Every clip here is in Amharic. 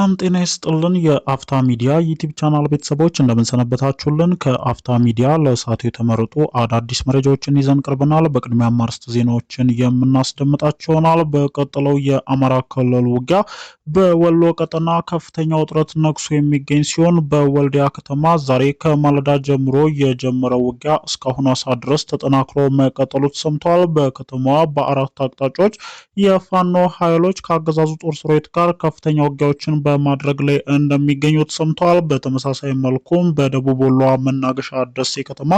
በጣም ጤና ይስጥልን የአፍታ ሚዲያ ዩቲብ ቻናል ቤተሰቦች እንደምንሰነበታችሁልን። ከአፍታ ሚዲያ ለእሳቱ የተመረጡ አዳዲስ መረጃዎችን ይዘን ቀርበናል። በቅድሚያ አማርስት ዜናዎችን የምናስደምጣችሆናል። በቀጥለው የአማራ ክልል ውጊያ በወሎ ቀጠና ከፍተኛ ውጥረት ነግሶ የሚገኝ ሲሆን በወልዲያ ከተማ ዛሬ ከማለዳ ጀምሮ የጀመረው ውጊያ እስካሁን አሳ ድረስ ተጠናክሮ መቀጠሉ ተሰምቷል። በከተማዋ በአራት አቅጣጫዎች የፋኖ ኃይሎች ከአገዛዙ ጦር ሰራዊት ጋር ከፍተኛ ውጊያዎችን በማድረግ ላይ እንደሚገኙ ተሰምተዋል። በተመሳሳይ መልኩም በደቡብ ወሎ መናገሻ ደሴ ከተማ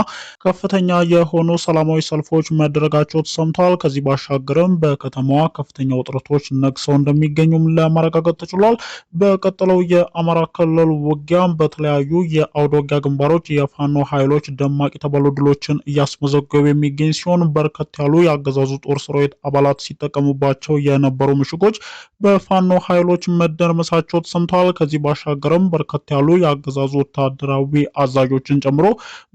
ከፍተኛ የሆኑ ሰላማዊ ሰልፎች መደረጋቸው ተሰምተዋል። ከዚህ ባሻገርም በከተማዋ ከፍተኛ ውጥረቶች ነግሰው እንደሚገኙም ለማረጋገጥ ተችሏል። በቀጠለው የአማራ ክልል ውጊያም በተለያዩ የአውደ ውጊያ ግንባሮች የፋኖ ኃይሎች ደማቅ የተባሉ ድሎችን እያስመዘገቡ የሚገኝ ሲሆን በርከት ያሉ የአገዛዙ ጦር ሰራዊት አባላት ሲጠቀሙባቸው የነበሩ ምሽጎች በፋኖ ኃይሎች መደርመሳቸው አስተያየት ሰምተዋል። ከዚህ ባሻገርም በርከት ያሉ የአገዛዙ ወታደራዊ አዛዦችን ጨምሮ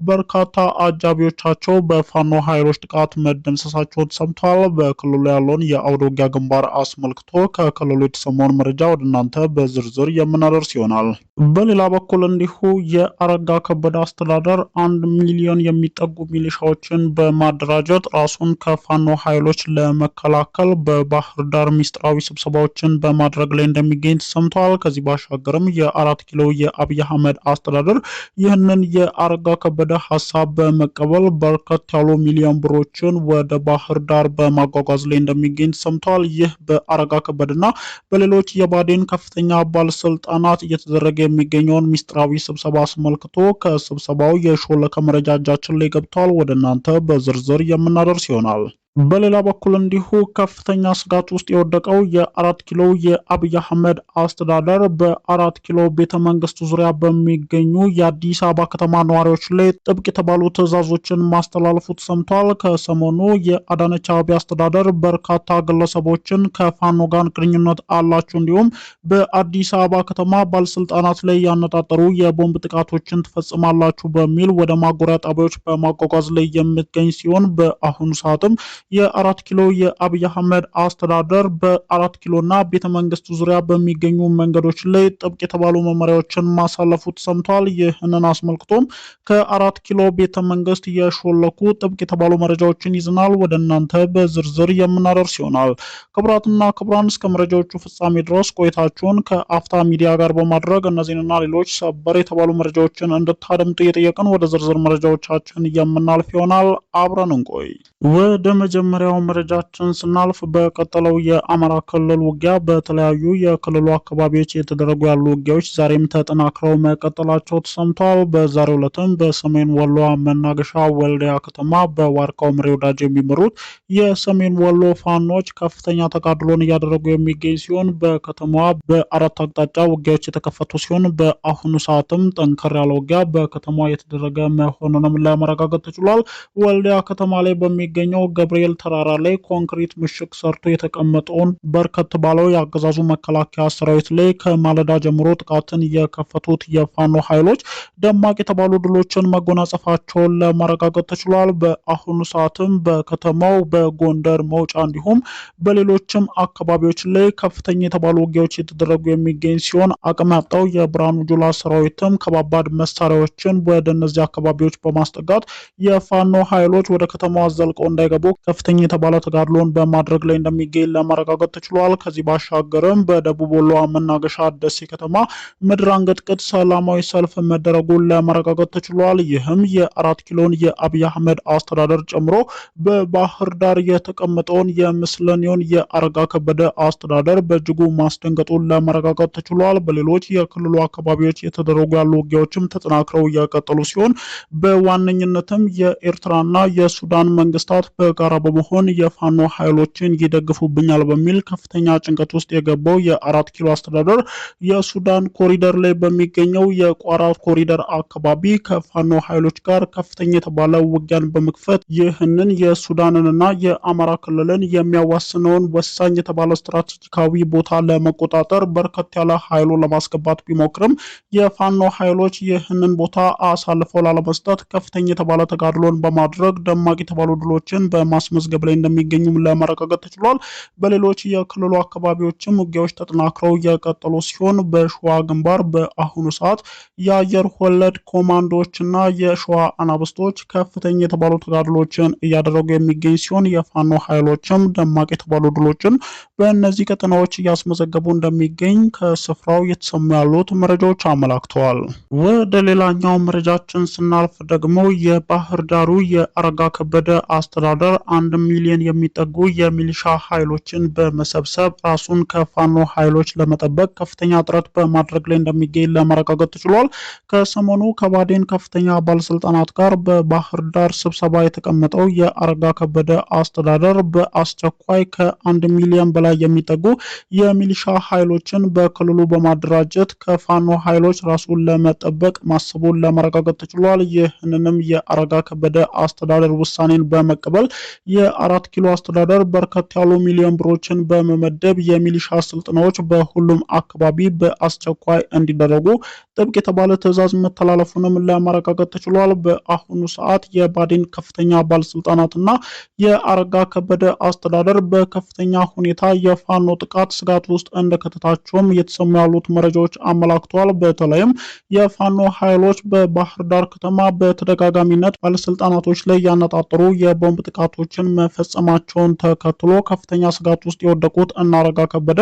በርካታ አጃቢዎቻቸው በፋኖ ኃይሎች ጥቃት መደምሰሳቸውን ሰምተዋል። በክልሉ ያለውን የአውደ ውጊያ ግንባር አስመልክቶ ከክልሉ የተሰማውን መረጃ ወደ እናንተ በዝርዝር የምናደርስ ይሆናል። በሌላ በኩል እንዲሁ የአረጋ ከበደ አስተዳደር አንድ ሚሊዮን የሚጠጉ ሚሊሻዎችን በማደራጀት ራሱን ከፋኖ ኃይሎች ለመከላከል በባህር ዳር ሚስጥራዊ ስብሰባዎችን በማድረግ ላይ እንደሚገኝ ተሰምተዋል። ከዚህ ባሻገርም የአራት ኪሎ የአብይ አህመድ አስተዳደር ይህንን የአረጋ ከበደ ሀሳብ በመቀበል በርከት ያሉ ሚሊዮን ብሮችን ወደ ባህር ዳር በማጓጓዝ ላይ እንደሚገኝ ሰምተዋል። ይህ በአረጋ ከበደና በሌሎች የባዴን ከፍተኛ ባለስልጣናት እየተደረገ የሚገኘውን ሚስጥራዊ ስብሰባ አስመልክቶ ከስብሰባው የሾለከ መረጃ እጃችን ላይ ገብተዋል። ወደ እናንተ በዝርዝር የምናደርስ ይሆናል። በሌላ በኩል እንዲሁ ከፍተኛ ስጋት ውስጥ የወደቀው የአራት ኪሎ የአብይ አህመድ አስተዳደር በአራት ኪሎ ቤተ መንግስት ዙሪያ በሚገኙ የአዲስ አበባ ከተማ ነዋሪዎች ላይ ጥብቅ የተባሉ ትዕዛዞችን ማስተላለፉ ተሰምቷል። ከሰሞኑ የአዳነች አበቤ አስተዳደር በርካታ ግለሰቦችን ከፋኖ ጋር ግንኙነት አላቸው፣ እንዲሁም በአዲስ አበባ ከተማ ባለስልጣናት ላይ ያነጣጠሩ የቦምብ ጥቃቶችን ትፈጽማላችሁ በሚል ወደ ማጎሪያ ጣቢያዎች በማጓጓዝ ላይ የሚገኝ ሲሆን በአሁኑ ሰዓትም የአራት ኪሎ የአብይ አህመድ አስተዳደር በአራት ኪሎና ቤተመንግስቱ ዙሪያ በሚገኙ መንገዶች ላይ ጥብቅ የተባሉ መመሪያዎችን ማሳለፉ ተሰምቷል። ይህንን አስመልክቶም ከአራት ኪሎ ቤተመንግስት የሾለኩ ጥብቅ የተባሉ መረጃዎችን ይዘናል ወደ እናንተ በዝርዝር የምናደርስ ይሆናል። ክቡራትና ክቡራን እስከ መረጃዎቹ ፍጻሜ ድረስ ቆይታችሁን ከአፍታ ሚዲያ ጋር በማድረግ እነዚህንና ሌሎች ሰበር የተባሉ መረጃዎችን እንድታደምጡ እየጠየቅን ወደ ዝርዝር መረጃዎቻችን የምናልፍ ይሆናል። አብረን እንቆይ። ወደ የመጀመሪያው መረጃችን ስናልፍ በቀጠለው የአማራ ክልል ውጊያ በተለያዩ የክልሉ አካባቢዎች የተደረጉ ያሉ ውጊያዎች ዛሬም ተጠናክረው መቀጠላቸው ተሰምተዋል። በዛሬው ዕለትም በሰሜን ወሎ መናገሻ ወልዲያ ከተማ በዋርካው ምሬ ወዳጅ የሚመሩት የሰሜን ወሎ ፋኖች ከፍተኛ ተጋድሎን እያደረጉ የሚገኝ ሲሆን በከተማዋ በአራት አቅጣጫ ውጊያዎች የተከፈቱ ሲሆን በአሁኑ ሰዓትም ጠንከር ያለ ውጊያ በከተማዋ የተደረገ መሆኑንም ለማረጋገጥ ተችሏል። ወልዲያ ከተማ ላይ በሚገኘው ገብርኤል በአርጌል ተራራ ላይ ኮንክሪት ምሽግ ሰርቶ የተቀመጠውን በርከት ባለው የአገዛዙ መከላከያ ሰራዊት ላይ ከማለዳ ጀምሮ ጥቃትን የከፈቱት የፋኖ ኃይሎች ደማቅ የተባሉ ድሎችን መጎናጸፋቸውን ለማረጋገጥ ተችሏል። በአሁኑ ሰዓትም በከተማው በጎንደር መውጫ እንዲሁም በሌሎችም አካባቢዎች ላይ ከፍተኛ የተባሉ ውጊያዎች የተደረጉ የሚገኝ ሲሆን አቅም ያጣው የብርሃኑ ጁላ ሰራዊትም ከባባድ መሳሪያዎችን ወደ እነዚህ አካባቢዎች በማስጠጋት የፋኖ ኃይሎች ወደ ከተማዋ ዘልቀው እንዳይገቡ ከፍተኛ የተባለ ተጋድሎን በማድረግ ላይ እንደሚገኝ ለማረጋገጥ ተችሏል። ከዚህ ባሻገርም በደቡብ ወሎ መናገሻ ደሴ ከተማ ምድር አንቀጥቅጥ ሰላማዊ ሰልፍ መደረጉን ለማረጋገጥ ተችሏል። ይህም የአራት ኪሎን የአብይ አህመድ አስተዳደር ጨምሮ በባህር ዳር የተቀመጠውን የምስለኔውን የአረጋ ከበደ አስተዳደር በእጅጉ ማስደንገጡን ለማረጋገጥ ተችሏል። በሌሎች የክልሉ አካባቢዎች የተደረጉ ያሉ ውጊያዎችም ተጠናክረው እያቀጠሉ ሲሆን በዋነኝነትም የኤርትራና የሱዳን መንግስታት በጋራ በመሆን የፋኖ ኃይሎችን ይደግፉብኛል በሚል ከፍተኛ ጭንቀት ውስጥ የገባው የአራት ኪሎ አስተዳደር የሱዳን ኮሪደር ላይ በሚገኘው የቋራ ኮሪደር አካባቢ ከፋኖ ኃይሎች ጋር ከፍተኛ የተባለ ውጊያን በመክፈት ይህንን የሱዳንንና የአማራ ክልልን የሚያዋስነውን ወሳኝ የተባለ ስትራቴጂካዊ ቦታ ለመቆጣጠር በርከት ያለ ኃይሉ ለማስገባት ቢሞክርም የፋኖ ኃይሎች ይህንን ቦታ አሳልፈው ላለመስጠት ከፍተኛ የተባለ ተጋድሎን በማድረግ ደማቅ የተባሉ ድሎችን በማስመ መዝገብ ላይ እንደሚገኙም ለማረጋገጥ ተችሏል። በሌሎች የክልሉ አካባቢዎችም ውጊያዎች ተጠናክረው እየቀጠሉ ሲሆን በሸዋ ግንባር በአሁኑ ሰዓት የአየር ወለድ ኮማንዶዎች እና የሸዋ አናብስቶች ከፍተኛ የተባሉ ተጋድሎችን እያደረጉ የሚገኝ ሲሆን የፋኖ ኃይሎችም ደማቅ የተባሉ ድሎችን በእነዚህ ቀጠናዎች እያስመዘገቡ እንደሚገኝ ከስፍራው የተሰሙ ያሉት መረጃዎች አመላክተዋል። ወደ ሌላኛው መረጃችን ስናልፍ ደግሞ የባህር ዳሩ የአረጋ ከበደ አስተዳደር አንድ አንድ ሚሊዮን የሚጠጉ የሚሊሻ ኃይሎችን በመሰብሰብ ራሱን ከፋኖ ኃይሎች ለመጠበቅ ከፍተኛ ጥረት በማድረግ ላይ እንደሚገኝ ለማረጋገጥ ተችሏል። ከሰሞኑ ከባዴን ከፍተኛ ባለስልጣናት ጋር በባህር ዳር ስብሰባ የተቀመጠው የአረጋ ከበደ አስተዳደር በአስቸኳይ ከአንድ ሚሊዮን በላይ የሚጠጉ የሚሊሻ ኃይሎችን በክልሉ በማደራጀት ከፋኖ ኃይሎች ራሱን ለመጠበቅ ማሰቡን ለማረጋገጥ ተችሏል። ይህንንም የአረጋ ከበደ አስተዳደር ውሳኔን በመቀበል የአራት ኪሎ አስተዳደር በርከት ያሉ ሚሊዮን ብሮችን በመመደብ የሚሊሻ ስልጠናዎች በሁሉም አካባቢ በአስቸኳይ እንዲደረጉ ጥብቅ የተባለ ትዕዛዝ መተላለፉንም ለማረጋገጥ ተችሏል። በአሁኑ ሰዓት የባዴን ከፍተኛ ባለስልጣናትና የአረጋ ከበደ አስተዳደር በከፍተኛ ሁኔታ የፋኖ ጥቃት ስጋት ውስጥ እንደከተታቸውም እየተሰሙ ያሉት መረጃዎች አመላክተዋል። በተለይም የፋኖ ኃይሎች በባህር ዳር ከተማ በተደጋጋሚነት ባለስልጣናቶች ላይ ያነጣጠሩ የቦምብ ጥቃቶች ጥቃቶችን መፈጸማቸውን ተከትሎ ከፍተኛ ስጋት ውስጥ የወደቁት እናረጋ ከበደ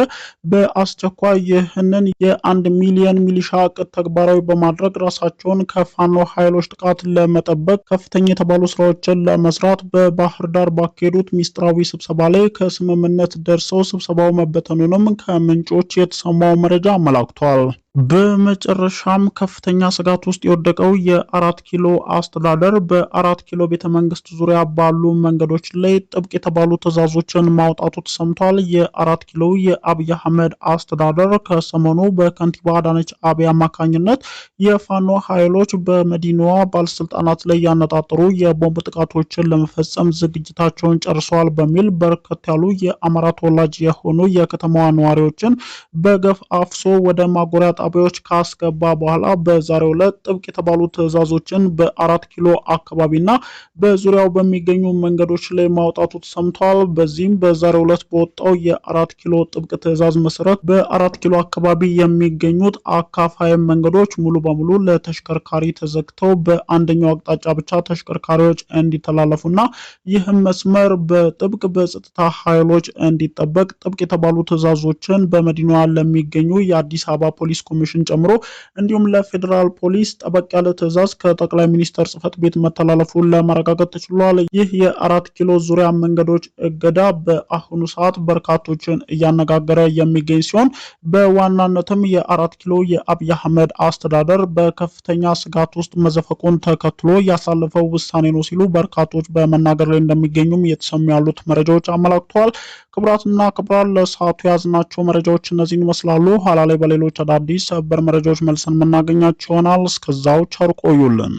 በአስቸኳይ ይህንን የአንድ ሚሊዮን ሚሊሻ እቅድ ተግባራዊ በማድረግ ራሳቸውን ከፋኖ ኃይሎች ጥቃት ለመጠበቅ ከፍተኛ የተባሉ ስራዎችን ለመስራት በባህር ዳር ባካሄዱት ሚስጥራዊ ስብሰባ ላይ ከስምምነት ደርሰው ስብሰባው መበተኑንም ከምንጮች የተሰማው መረጃ አመላክቷል። በመጨረሻም ከፍተኛ ስጋት ውስጥ የወደቀው የአራት ኪሎ አስተዳደር በአራት ኪሎ ቤተ መንግስት ዙሪያ ባሉ መንገዶች ላይ ጥብቅ የተባሉ ትዕዛዞችን ማውጣቱ ተሰምቷል። የአራት ኪሎ የአብይ አህመድ አስተዳደር ከሰሞኑ በከንቲባ አዳነች አቤቤ አማካኝነት የፋኖ ኃይሎች በመዲናዋ ባለስልጣናት ላይ ያነጣጠሩ የቦምብ ጥቃቶችን ለመፈጸም ዝግጅታቸውን ጨርሰዋል በሚል በርከት ያሉ የአማራ ተወላጅ የሆኑ የከተማዋ ነዋሪዎችን በገፍ አፍሶ ወደ ማጎሪያ ጣቢያዎች ካስገባ በኋላ በዛሬው ዕለት ጥብቅ የተባሉ ትዕዛዞችን በአራት ኪሎ አካባቢና በዙሪያው በሚገኙ መንገዶች ላይ ማውጣቱ ተሰምቷል። በዚህም በዛሬው ዕለት በወጣው የአራት ኪሎ ጥብቅ ትዕዛዝ መሰረት በአራት ኪሎ አካባቢ የሚገኙት አካፋይ መንገዶች ሙሉ በሙሉ ለተሽከርካሪ ተዘግተው በአንደኛው አቅጣጫ ብቻ ተሽከርካሪዎች እንዲተላለፉና ይህም መስመር በጥብቅ በጸጥታ ኃይሎች እንዲጠበቅ ጥብቅ የተባሉ ትዕዛዞችን በመዲናዋ ለሚገኙ የአዲስ አበባ ፖሊስ ኮሚሽን ጨምሮ እንዲሁም ለፌዴራል ፖሊስ ጠበቅ ያለ ትዕዛዝ ከጠቅላይ ሚኒስተር ጽህፈት ቤት መተላለፉን ለማረጋገጥ ተችሏል። ይህ የአራት ኪሎ ኪሎ ዙሪያ መንገዶች እገዳ በአሁኑ ሰዓት በርካቶችን እያነጋገረ የሚገኝ ሲሆን በዋናነትም የአራት ኪሎ የአብይ አህመድ አስተዳደር በከፍተኛ ስጋት ውስጥ መዘፈቁን ተከትሎ ያሳለፈው ውሳኔ ነው ሲሉ በርካቶች በመናገር ላይ እንደሚገኙም የተሰሙ ያሉት መረጃዎች አመላክተዋል። ክቡራትና ክቡራን ለሰዓቱ የያዝናቸው መረጃዎች እነዚህን ይመስላሉ። ኋላ ላይ በሌሎች አዳዲስ ሰበር መረጃዎች መልሰን የምናገኛቸው ይሆናል። እስከዛው ቸር ቆዩልን።